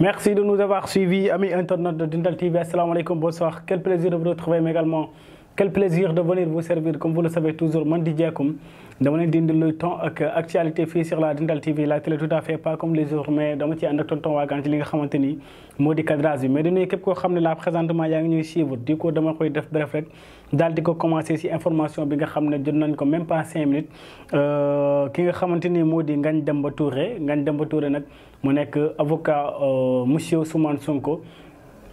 Merci de nous avoir suivis, amis internautes de Dental TV. Assalamu alaikum, bonsoir. Quel plaisir de vous retrouver, également quel plaisir de venir vous servir comme vous le savez toujours man di jeekum dama len di le temps ak actualité fait sur la Dentale TV la télé tout à fait pas comme les autres mais dama ciy ànd ak tonton waagaan ci li nga xamanteni modi cadrage mais de nuyu képp koo xam la présentement yaa ngi ñuy suivre diko dama koy def bref rek dal diko commencer ci information bi nga xam ne jot nañ ko même pas cinq minutes euh, ki nga xamanteni modi moo di Ngagne Demba Touré Ngagne Demba Touré nak mu nek avocat euh, monsieur Ousmane Sonko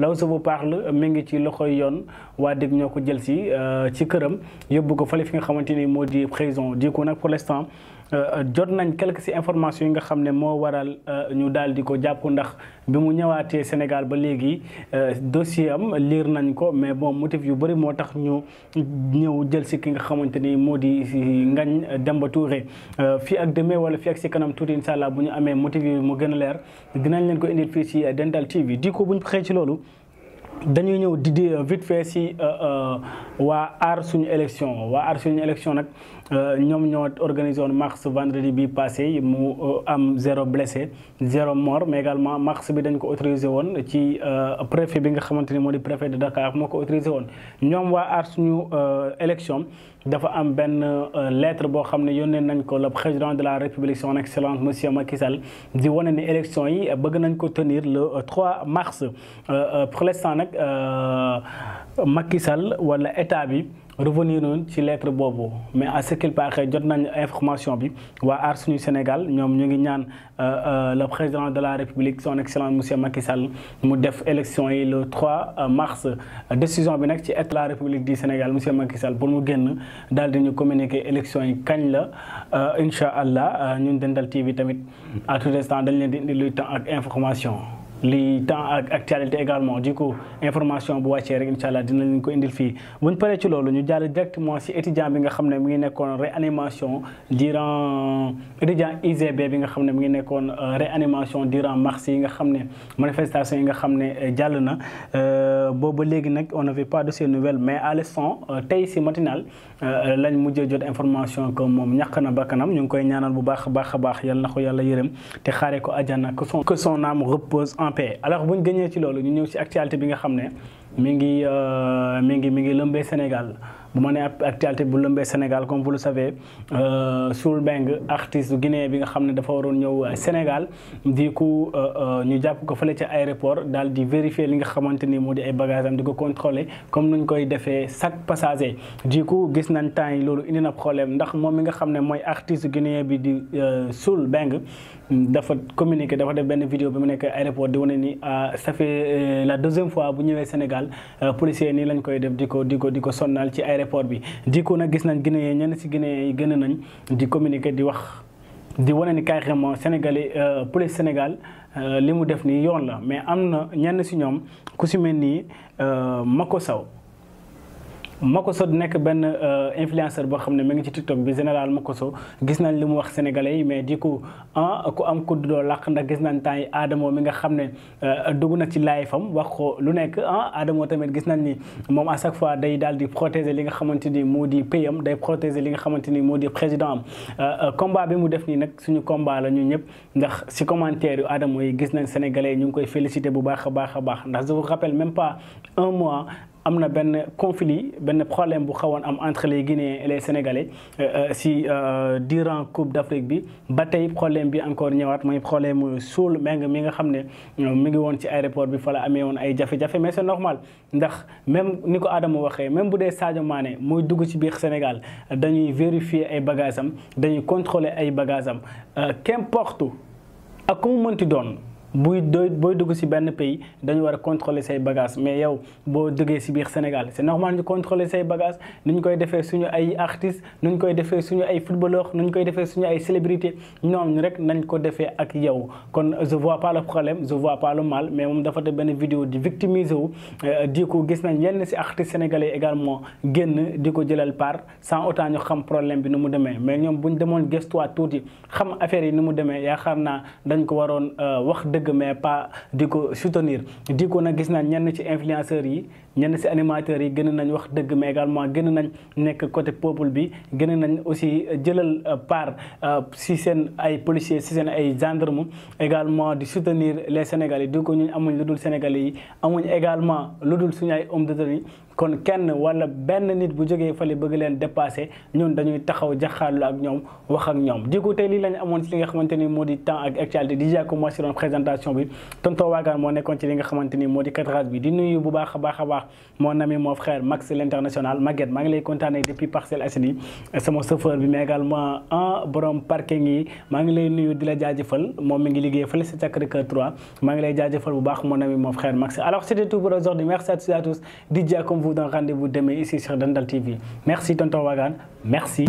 raw vous parle euh, mi ngi ci loxoy yoon waa dégg ñoo ko jël si euh, ci këram yóbbu ko fale fi nga xamante ni prison di ko pour l'instant euh, jot nañ quelques ci informations yi nga xamné mo waral ñu daal di ko jàpp ndax bimu ñëwaaté Sénégal ba légui dossier am lire nañ ko mais bon motif yu bari motax ñu ñëw jël ci ki nga xamante modi moo Ngagne Demba Touré fi ak demee wala fi ak ci kanam tout inshallah buñu amé motif yu mu gëna lèr leer dinañ leen ko indi fii ci Dental TV di buñu xé ci lolu dañuy ñëw di di vite fait si euh, euh, waa aar suñu élection waa aar suñu élection nag Nous euh, avons organisé un mars vendredi bi passé mu euh, am zéro blessé zéro mort mais également mars bi dañ ko autorisé qui ci euh, préfet préfet de Dakar Nous avons autorisé une élection, eu suñu élection dafa am lettre pour que le président de la république son excellence monsieur Macky Sall di wane élection yi a tenir le 3 mars pour l'instant Macky Sall wala état revenir sur ci lettre Bobo, mais à ce qu'il paraît jot une information bi waa Sénégal nous ñu euh, euh, le président de la République son excellent monsieur Macky Sall mu def élection yi le 3 euh, mars La décision est de ci la République du Sénégal monsieur Macky Sall pour nous génn dans communiquer l'élection yi kañ Inch'Allah, nous TV à tout instant dañ les di luy li temps ak actualité également du coup information bu wàccee rek incha allah dina leen ko indil fii buñ paree ci loolu ñu jàll directement si étudiant bi nga xam ne mu ngi nekkoon réanimation durant étudiant UGB bi nga xam ne mi ngi nekkoon euh, réanimation durant mars yi nga xam ne manifestation yi nga xam ne euh, jàll na euh, boobu léegi nag on n'avait pas de ces nouvelles mais à l'instant tey si matinal lañ mujjee jot information que moom ñàkk na bakkanam ñu ngi koy ñaanal bu baax a baax a baax yàlla na ko yàlla yërëm en paix alors bu ñu génnee ci loolu ñu ñëw ci actualité bi nga xam ne mi ngi mi ngi mi ngi lëmbee Sénégal bu ma actualité bu lëmbee Sénégal comme vous le savez euh, Soul Beng artiste guinéen bi nga xamné dafa waroon ñëw euh, Sénégal di ko euh, euh, ñu japp ko fële ci aéroport dal di vérifier li nga xamante modi ay bagages am di ko contrôler comme nuñ koy défé chaque passager di ko gis nañ tan yi loolu indi na problème ndax moom mi nga xamné moy artiste guinéen bi di euh, Soul Beng dafa communiquer dafa def ben vidéo bi mu nekk aéroport di wane ni ça fait la deuxième fois bu ñëwé Sénégal euh, policier ni lañ koy def di ko di sonnal ci aéroport aéroport bi diko nag gis nañ Guinéen ñenn si Guinéen yi gën nañ di communiquer di wax di wane ni carrément sénégalais euh, police Sénégal euh, li mu def nii yoon la mais am na ñenn si ñoom ku si mel ni euh, Mako saw Makoso nekk benn euh, influenceur boo xam ne mu ngi ci TikTok bi général Makoso gis nañ limu wax sénégalais mais di ko ah ku am kudd do làq ndax gis nañ tay Adamo mi nga xam ne euh, dugg na ci live am wax ko lu nek ah Adamo tamit gis nañ ni mom à chaque fois day daldi protéger li nga xamanteni modi moo day protéger li nga xamanteni modi président am euh, combat bi mu def ni nak suñu combat la ñun ñep ndax ci commentaire Adamo yi gis nañ sénégalais ñu koy féliciter bu baaxa baaxa baax baax ndax je vous rappelle même pas un mois amna ben conflit ben problème bu xawoon am entre les Guinéens et les Sénégalais euh, euh, si euh, durant Coupe d'Afrique bi batay problème bi encore ñëwaat moy problème suul meng mi nga xamné ne mi ngi won ci aéroport bi fa la amee woon ay jafé jafé mais c'est normal ndax même niko Adam Adama même bu dee Sadio Mané moy dugg ci biir Sénégal dañuy vérifier ay bagages am dañuy contrôler ay bagages am qu'importe ak mu mënti doon buy doy booy dugg ci ben pays dañu war contrôler say bagages mais yow bo duggee ci biir Sénégal c'est normal ñu contrôler say bagages nu koy défé suñu ay artistes nu koy défé suñu ay footballeurs nu koy défé suñu ay célébrités ñoom ñu rek nañ ko défé ak yow kon je vois pas le problème je vois pas le mal mais mom dafa def ben vidéo di victimiser wu euh, di gis nañ yenn ci artistes sénégalais également génn diko jëlal part sans autant ñu xam problème bi nu mu démé mais ñoom bu ñu demoon gëstuwaat tuuti xam affaire yi nu mu démé yaakaar naa dañ ko waroon euh, wax dëgg mais pas di soutenir du coup on gis naa ñenn ci influenceurs yi ñenn ci animateurs yi gën nañ wax mais également gën nañ nekk côté peuple bi gën nañ aussi jëlal euh, part euh, ci seen ay policiers ci seen ay gendarmes également de soutenir les sénégalais di ko ñun amuñ lu sénégalais yi amuñ également lu dul suñu ay hommes de terrain kon kenn wala benn nit bu fa fale bëgg leen dépasser ñun dañuy taxaw jaxalu ak ñom wax ak ñom di ko li lañ amone ci li nga xamante modi temps ak actualité di jàkko moo ci doon présentation bi tonton Wagan mo nekkoon ci li nga xamanteni modi quatre di cadrage bi di nuyu bu baakha a baax mo nami mon ami mon frère Max l'international Maguette maa ngi lay kontaanee depuis Parcelles Assainies sama chauffeur bi mais également un borom parking yi maa ngi lay nuyu dila la jaajëfal mon mi ngi liggéey fële si Sacré-Cœur 3 maa ngi lay bu baax mon ami mon frère Max alors c'était tout pour aujourd'hui merci à tous et à comme vous dans rendez-vous demain ici sur Dandal TV merci tonton Wagan merci